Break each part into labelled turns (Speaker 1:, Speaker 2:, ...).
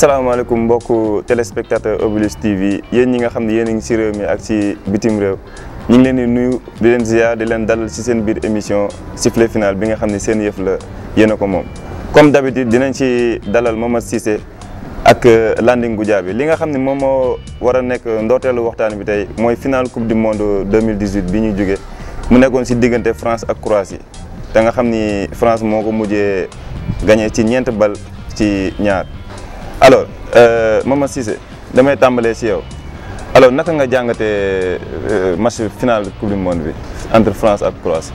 Speaker 1: asalaamaaleykum mbokku téléspectateur Obelus TV yéen ñi nga xam ne yéen a ngi si réew mi ak si bitim réew ñu ngi leen di nuyu di leen ziar di leen dalal si seen biir émission sifflet final bi nga xam ne seen yëf la yéen a ko moom. comme d'habitude dinañ ci dalal Momar Cissé ak Landing Goudiaby li nga xam ne moom moo war a nekk ndorteelu waxtaan bi tey mooy final coupe du monde 2018 bi ñu jóge mu nekkoon si diggante France ak Croatie te nga xam ni France moo ko mujjee gagné ci ñeent bal ci ñaar. alors euh, Mama Cissé damay tàmbalee si yow alors naka nga jàngate euh, match final coupe du monde bi entre France ak Croatie.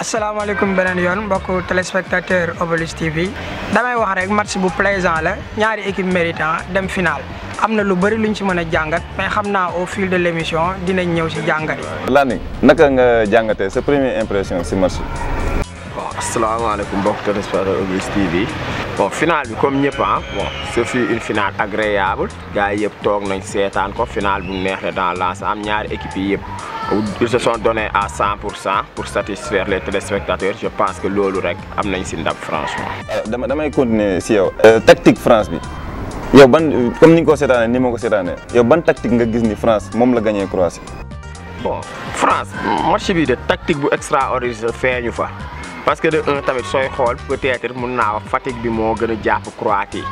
Speaker 2: asalaamaaleykum beneen yoon mbokk téléspectateur Obelus TV damay wax rek match bu plaisant la ñaari équipe méritant dem final am na lu bëri ñu ci mën a jàngat mais xam naa au fil de l' émission dinañ ñëw si jàngat
Speaker 1: yi. naka nga jàngatee sa première impression si match bi. waaw asalaamaaleykum mbokk téléspectateur Obelus
Speaker 3: TV. bon final bi comme ñëpp pas, ah, bon ce fut une finale agréable gars yi yëpp toog nañ seetaan ko final bu neexee dans l'ensemble ñaari équipe. ils se sont donnés à 100 pour satisfaire les téléspectateurs je pense que loolu rek am nañ si ndam franchement.
Speaker 1: Euh, dama damay continuer si yow euh, tactique France bi yow ban comme ni ko seetaanee ni ma ko yow ban tactique nga gis ni France moom la gagné Croatie.
Speaker 3: bon France je bi de tactique bu extraordinaire fa parce que de un tamit soy xol peut-être mun naa wax bi mo gëna japp jàpp Croatie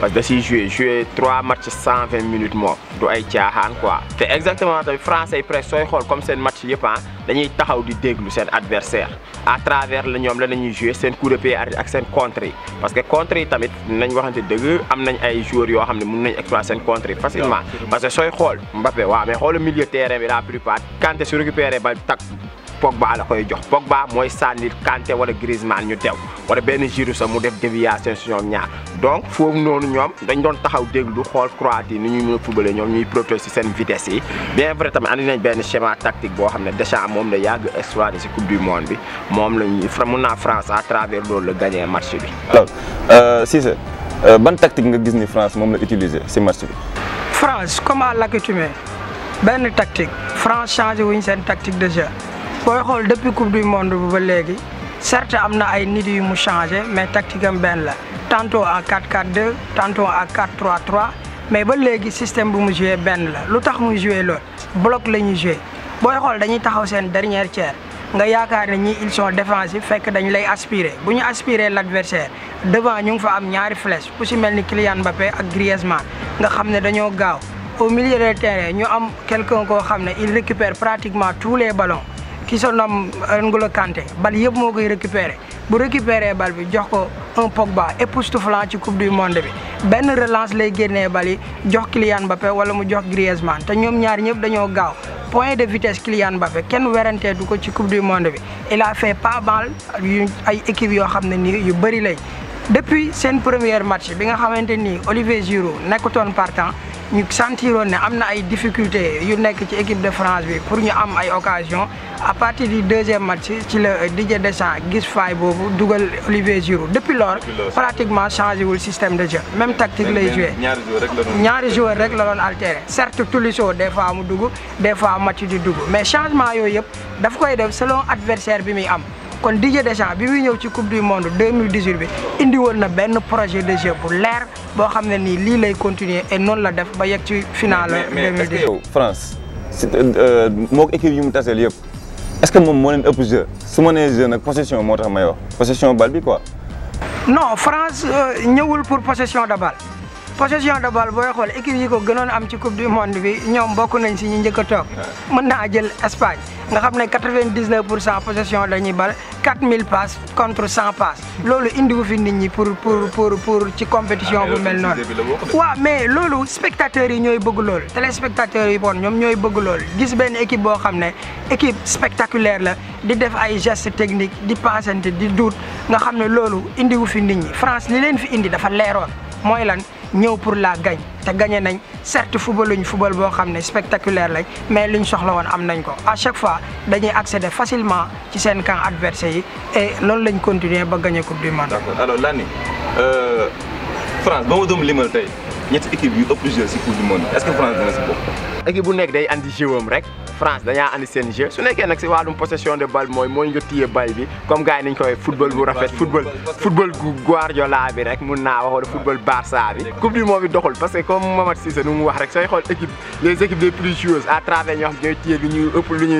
Speaker 3: parce que si jouer jouer 3 matchs 120 minutes moom du ay tiahan quoi te exactement tamit français yi soy xol comme seen match yëpp ah dañuy taxaw di déglu sen adversaire à travers le ñom la ñuy joué seen coup de pied arrêté ak sen contre parce que contre tamit nañ waxante dëgg am nañ ay joueurs yo xamné ne mun nañ exploiter seen contre facilement parce que soy xol Mbappé wa mais xol le milieu terrain bi la plupart Kanté su récupéré ball tac Pogba la koy jox Pogba mooy sànni Kanté wala Griezmann ñu dew wala benn Giroud sax mu def déviation si ñoom ñaar donc foofu noonu ñoom dañ doon taxaw déglu xool Croatie ni ñuy mën a fubale ñoom ñuy protéger si seen vitesse yi bien vrai tamit andi nañ benn schéma tactique boo xam ne Deschamps moom la yàgg exploité si coupe du monde bi moom la ñuy France à travers loolu la gagné match bi.
Speaker 1: alors euh, Cissé euh, ban tactique nga gis ni France moom la utiliser si match bi.
Speaker 2: France comme à l'accoutumée benn Pour la depuis coupe du monde certains ba certes changé mais tactique est tantôt en 4-4-2 tantôt en 4-3-3 mais ba le système bu mu joué benn la Nous tax joué le bloc la ñuy joué dañuy taxaw dernière tiers nga avons ni ils sont défensifs fait dañ lay aspirer bu aspirer l'adversaire, devant ñu avons fa am ñaari flèche ku si mel Kylian Mbappé ak Griezmann nga au milieu de terrain nous avons quelqu'un qui récupère pratiquement tous les ballons qui se nomme N'Golo Kanté bal yëpp moo koy récupéré bu récupéré bal bi jox ko un Pogba époustouflant ci coupe du monde bi Ben relance les gagner bal yi jox Kylian Mbappé wala mu jox Griezmann te ñoom ñaar ñëpp point de vitesse Kylian Mbappé kenn werantee du ko ci coupe du monde bi il a fait pas mal yu ay équipes yoo xam ne yu lay depuis seen premier match Bien nga Olivier ni Olivier Giroud ton partant nous sentiroon que nous avons ay difficulté yu nekk ci équipe de France bi pour ñu am ay occasion à partir du deuxième match ci le Didier Deschamps gis faay Olivier Giroud depuis lors pratiquement changé le système de jeu même tactique lay joué ñaari joueur rek la doon altéré certes Tolisso des fois mu dugg des fois match di dugg mais changement yooyu daf koy def selon adversaire bi nous am kon Didier Deschamps bi muy ñëw ci coupe du monde 2018 bi indi woon na benn projet de jeu bu leer bo xamné ni li lay continuer et non la def ba yegg ci
Speaker 1: finale 2018 yow France euh, euh, mok équipe yu mu tassel yépp est-ce que mom mo leen ëpp jeu suma né jeu nak possession motax tax may wax possession balle bi quoi
Speaker 2: non France euh, ñëwul pour possession de balle possession de balle boy xol équipe yi ko gënoon am ci coupe du monde bi ñom bokku nañ ci ñi njëkk tok toog mën naa jël Espagne nga xamné 99% possession dañuy bal 4000 passes contre 100 passes loolu wu fi nit ñi pour pour pour pour ci compétition bu mel noonu waaw mais loolu spectateur yi ñoy bëgg loolu téléspectateurs yi bon ñom ñoy bëgg lool gis ben équipe bo xamné équipe spectaculaire la di def ay gestes techniques di passante di doute nga xamné ne indi wu fi nit ñi France li leen fi indi dafa leeroon moy lan ñëw pour la gagne té gagné nañ certes football luñ football bo xamné spectaculaire lay mais luñ soxla won am nañ ko à chaque fois dañuy accéder facilement ci sen camp adversaire yi et loolu lañ continuer ba gagné coupe du monde. d'accord
Speaker 1: alors Lani euh, France bama doom doon limal tey ñetti équipe yu ëpp jeu ci coupe du monde est-ce que France dina ci bokk.
Speaker 3: équipe bu nekk day andi jeu am rek. France dañaa andi seen jeu su nekkee nag si wàllum possession de balle mooy mooy nga téye balle bi comme gars yi nañ koy football bu rafet football football Guardiola bi rek mun naa football Barça bi coupe du monde bi doxul parce que comme Mamad Cissé nu mu wax rek sooy xool équipe les équipes les plus joueuses à travers ñoo xam ñooy téye lu ñuy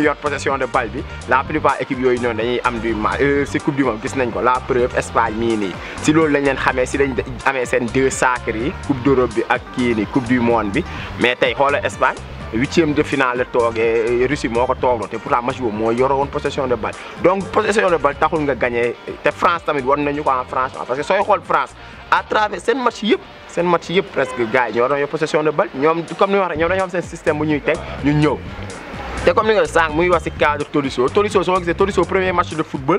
Speaker 3: ëpp possession de balle bi la plupart équipe yooyu noonu dañuy am du mal C'est euh, coupe du monde gis nañ ko la preuve Espagne mini. si l'on lañ leen xamee si lañ amee seen deux sacres coupe d'Europe bi ak coupe du monde bi mais tey xoolal Espagne huitième de finale togué eh, Russie moko ko té pourtant match boobu moo yoroon possession de balle donc possession de balle taxul nga gagné té France tamit won nañu ko en France parce que soy xol France à travers sen match ces matchs, match presque gars yi ñoo possession de balle ñom comme ni wax ñom dañu am sen système bu ñuy teg ñu ñëw. té comme ni nga sànq muy wax ci cadre Tolisso Tolisso so gisee Tolisso premier match de football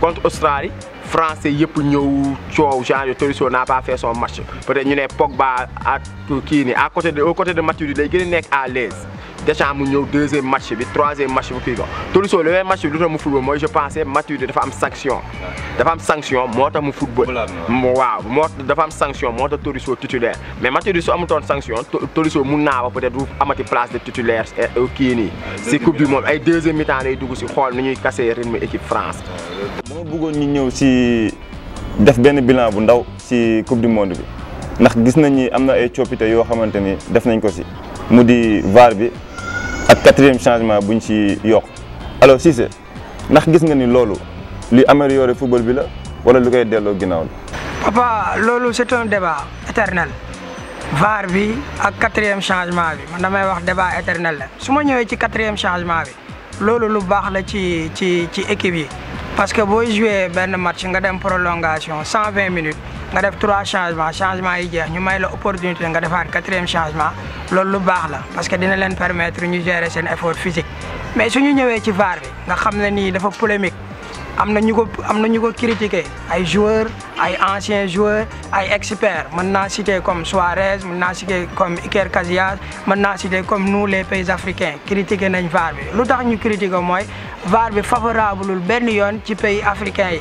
Speaker 3: contre Australie. français yëpp ñëw coow genre Tolisso n'a pas fait son match peut-être ñu ne Pogba ak kii nii à côté de au côté de Matuidi day gën a nekk à l'aise déjà mu ñeu deuxième match bi troisième match bi kii ko so le match bi lu mu football moi je pensais Matuidi dafa am sanction. dafa am sanction moo mu football. waaw moo dafa am sanction moo tax Tolisso titulaire mais Mathieu su amutoon sanction Tolisso mun naa wax peut être amati place de titulaire eh, kii nii. coupe bi Monde, ay deuxième mi-temps lay dugg ci xol ni ñuy casser rythme équipe France.
Speaker 1: mo bëggoon ñu ñeu ci def ben bilan bu ndaw ci coupe du monde bi ndax gis nañ ni amna ay coppite yo xamanteni def nañ ko si mu VAR bi ak quatrième changement buñ ci yokk alors Cissé ndax gis nga ni loolu li améliorer football bi la wala lu koy delloo ginnaaw la.
Speaker 2: papa loolu c'est un débat éternel VAR bi ak quatrième changement bi man damay wax débat éternel la su ma ñëwee ci quatrième changement bi loolu lu baax la ci ci ci équipe yi parce que booy jouer benn match nga dem prolongation 120 minutes. nga def trois changement changement yi jeex ñu may la opportunité nga defaat quatrième changement loolu lu baax la parce que dina leen permettre ñu gérer seen effort physique mais ñu ñëwee ci VAR bi nga xam ne nii dafa polémique nous avons critiqué ay joueurs ay anciens joueurs ay experts Maintenant, citer comme Suarez maintenant naa cité comme Iker Casillas maintenant naa citer comme nous les pays africains critiquer nañ VAR bi lu nous ñu critiqué mooy VAR bi favorableul benn yoon ci pays africains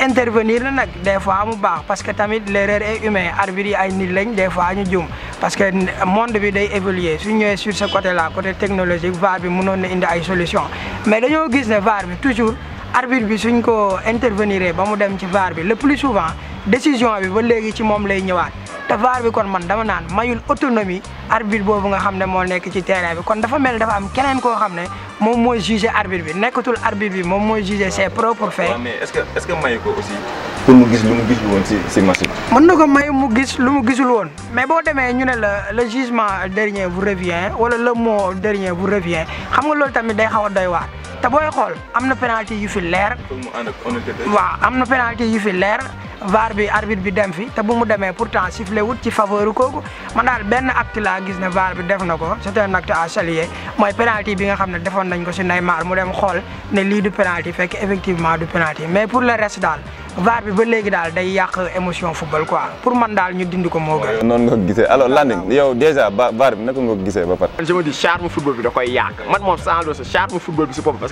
Speaker 2: intervenir des fois baax parce que tamit l'erreur est humaine arbitre yi ay nit lañ des fois ñu jum parce que le monde bi day évoluer su sommes sur ce côté là côté technologique VAR bi mënoon na indi ay solution mais nous avons ne VAR bi toujours arbitre bi suñ ko intervenir ba mu dem ci VAR bi le plus souvent décision bi ba léegi ci moom lay ñëwaat te VAR bi kon man dama naan mayul autonomie arbitre boobu nga xam ne moo nekk ci terrain bi kon dafa mel dafa am keneen koo xam ne moom mooy jugé arbitre bi nekkatul arbitre bi moom mooy jugé ses propres faits. waaw mais est-ce que
Speaker 1: est-ce mayu ko aussi pour mu gis lu mu gisul woon si si match bi.
Speaker 2: mën na ko may mu gis lu mu gisul woon mais boo demee ñu ne la le jugement dernier vous revient wala le mot dernier vous revient xam loolu tamit day xaw a doy waar. te booy xool am na penalty yu fi leer. am na penalty yu fi leer. VAR bi arbitre bi dem fi te bu mu demee pourtant sifflé wut ci faveur kooku man daal benn acte gis ne VAR bi def na ko c'est un acte à saluer mooy penalty bi nga xam ne defoon nañ ko si Neymar mu dem xool ne lii du penalty fekk effectivement du penalty mais pour le reste daal VAR bi ba daal day yàq émotion football quoi pour man daal ñu dindi ko moo gën.
Speaker 1: noonu nga ko gisee alors Landing yow déjà VAR bi naka nga ko gisee ba
Speaker 3: pare. man je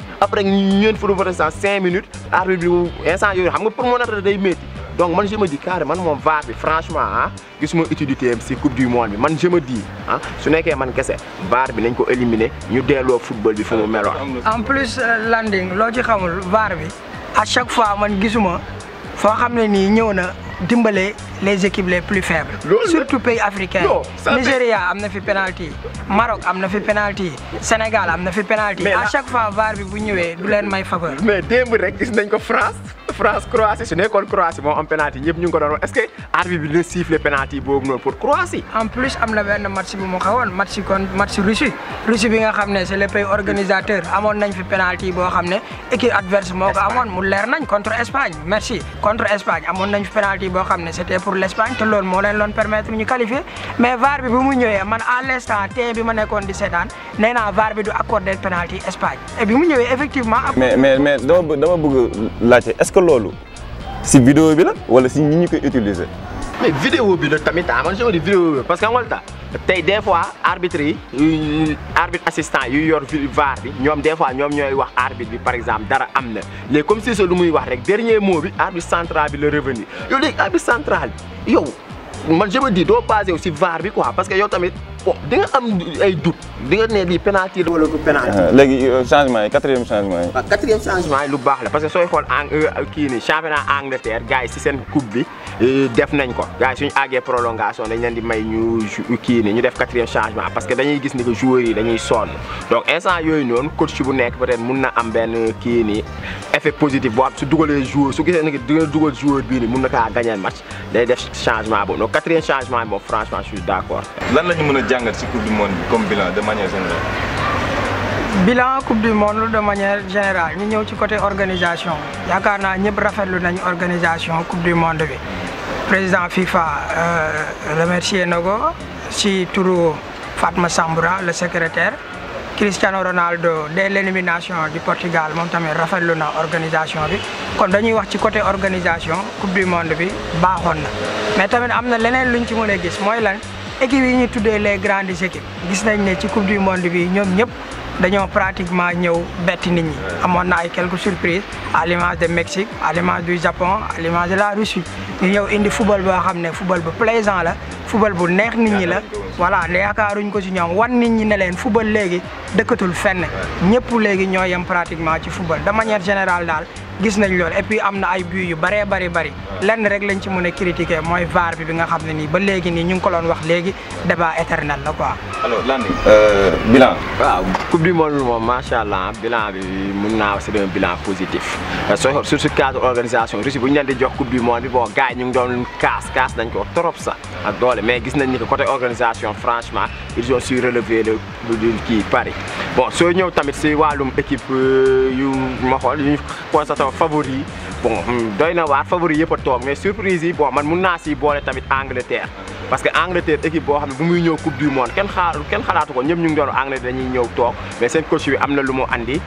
Speaker 3: après 5 5 minutes arbitre bi instant xam nga donc je me dis carrément man suis VAR bi franchement je ah, gisuma utilité coupe du monde je me dis Je ah, su man kessé VAR bi nañ ko éliminer ñu football bi fu en
Speaker 2: plus euh, landing lo ci à chaque fois man gisuma dimbelé les équipes les plus faibles. surtout pays africains. Nigeria, nigeria penalty Maroc amna penalty Sénégal amna fi penalty. à chaque fois VAR bi bu ñëwé du may faveur. mais
Speaker 3: demb rek gis France. France Croatie su nekkoon Croatie bon, am penalty ñëpp ñu ngi ko doon est-ce que arbitre bi dina penalty boobu pour Croatie. en
Speaker 2: plus am la benn match bu mo xawoon match kon match Russie Russie bi nga xamné ne c'est le pays organisateur amoon nañ fi penalty bo xamné ne équipe adverse moko amone mu leer nañ contre Espagne merci contre Espagne amoon nañ fi penalty bo xamné ne c'était pour l'Espagne te lool mo leen doon permettre ñu qualifier mais VAR bi bu mu ñëwee man à l'instant tey bi ma nekkoon di sétane nee VAR bi du accorder penalty Espagne et bi mu effectivement.
Speaker 1: mais mais mais dama bëgg dama bëgg laajte est-ce loolu si vidéo bi la wala si ñi qui koy utiliser.
Speaker 3: mais vidéo bi la tamit ah man sama di vidéo parce que xam nga des fois arbitre arbitre assistant yu yor VAR bi ñom des fois ñom ñoy wax arbitre bi par exemple dara amna les comme si so lu muy wax rek dernier mot bi arbitre central bi le revenu yow léegi arbitre central yo yow man je me dis do passer wu si VAR bi quoi parce que yow tamit bon di nga am ay doute di nga ne lii penalty wala du penalty. Ah, euh,
Speaker 1: changement 4 quatrième changement
Speaker 3: 4e quatrième changement lu tu la parce que sooy en euh, kii ni championnat Angleterre gars yi si seen coupe bi. Euh, def nañ ko gars suñu àggee prolongation dañ leen di may ñu ki ni ñu def 4e changement parce que dañuy gis ni que joueur yi dañuy son. donc instant yoy noonu coach bu nekk peut-être mun na am ben ki ni effet positif boo su dugalee joueur su gisee ni dina dugal joueur bi ni mun na kaa gagner match day def changement bon, donc 4e changement bon,
Speaker 1: franchement je suis d'accord. lan lañu mëna jangal ci coupe du monde bi comme bilan de manière générale.
Speaker 2: bilan coupe du monde de manière générale ñu ñëw ci côté organisation yaakaar naa ñëpp rafetlu nañu organisation coupe du monde bi président FIFA euh, remercier Nogo, ci Fatma Samboura le secrétaire Cristiano Ronaldo dès l'élimination du Portugal Montamé, Rafael Luna. organisation bi côté organisation coupe du monde bi mais équipe les grandes équipes coupe du monde dañoo pratiquement ñëw bett nit ñi amoon ay quelques surprises à l'image de Mexique à l'image du Japon à l'image de la Russie Ils ñëw indi football boo xam football plaisant la fubal bu neex nit ñi la voilà yaakaaruñ ko ci ñoom wan nit ñi ne leen fubal léegi dëkkatul fenn ñëpp léegi ñoo yem pratiquement ci fubal de manière général daal gis nañ loolu et puis am na ay buts yu bëree bëri bëri lenn rek lañ ci mën a critiquer mooy VAR bi bi nga xam ne nii ba léegi nii ñu ngi ko doon wax léegi débat éternel la quoi.
Speaker 1: alors lan euh, bilan. waaw coupe
Speaker 3: du monde moom macha allah bilan bi mun naa c'est un bilan positif euh, sooy xool surtout cadre organisation bu ñu leen di jox coupe du monde bi bon ñu ngi doon kaas kaas ko trop sax mais gis nañ ni que côté organisation franchement ils ont su relever le qui Paris bon soo ñëw tamit si wàllum équipe euh, you ma xool yu ñu favori bon hmm, doy na waar favori yëpp a mais surprise yi bon man mun naa si tamit Angleterre parce que Angleterre équipe boo xam ne bu muy ñëw coupe du monde kenn xaar kenn xalaatu ko ñëpp ñu ngi doon Angleterre dañuy ñëw toog mais seen coach bi am na lu mu andi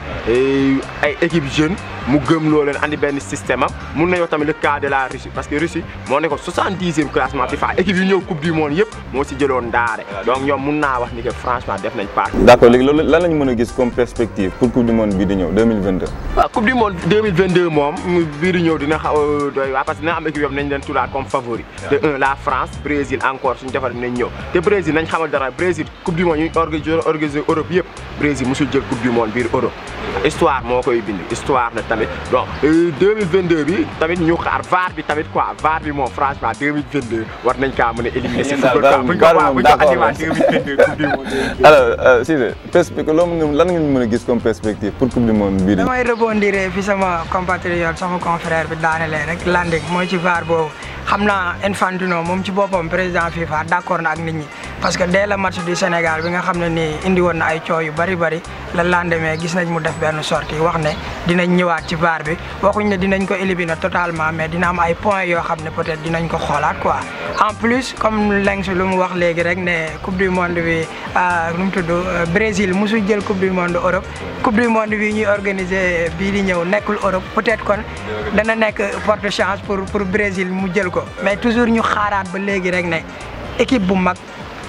Speaker 3: ay équipe jeune mu gëm lo leen andi ben système am mun na tamit le cas de la Russie parce que Russie ne ko 70e classement FIFA équipe yi ñëw coupe du monde yépp mo ci jëlone ndaare donc ñom mun na wax ni que franchement def nañ pas d'accord légui lan
Speaker 1: lañ mëna gis comme perspective pour coupe du monde bi di ñëw 2022.
Speaker 3: wa coupe du monde 2022 mom bii di ñëw dina xaw doy waa parce que dina am équipe yam nañ leen comme favori. de un la France Brésil encore suñu defar dinañ ñëw té Brésil nañ xamal dara Brésil coupe du monde ñu organiser organisé Europe yépp Brésil musul jël coupe du monde biir Europe histoire mo koy bind histoire la tamit bon 2022 euh, bi tamit ñu xaar VAR bi tamit quoi VAR bi moom franchement 2022 war nañ kaa mën a éliminer si VAR
Speaker 1: euh, a gis comme perspective pour coupe du monde bii damay
Speaker 2: rebondir fi sama bi daanelee rek landing mooy ci VAR boobu xam naa Infantino moom ci boppam président FIFA d'accord na ak nit parce que dès le match du Sénégal bi nga xam ne nii indi woon ay coow yu bari bari la lendemain gis nañ mu def benn sortie wax ne dinañ ñëwaat ci VAR bi waxuñ ne dinañ ko éliminer totalement mais dina am ay points yoo xam ne peut-être dinañ ko xoolaat quoi. en plus comme Lengs lu mu wax léegi rek ne coupe du monde bi euh, nu mu tudd euh, Brésil musu jël coupe du monde Europe coupe du monde bi ñuy organiser bii di ñëw nekkul Europe peut-être kon dana nekk porte chance pour pour Brésil mu jël ko mais toujours ñu xaaraat ba léegi rek ne équipe bu mag.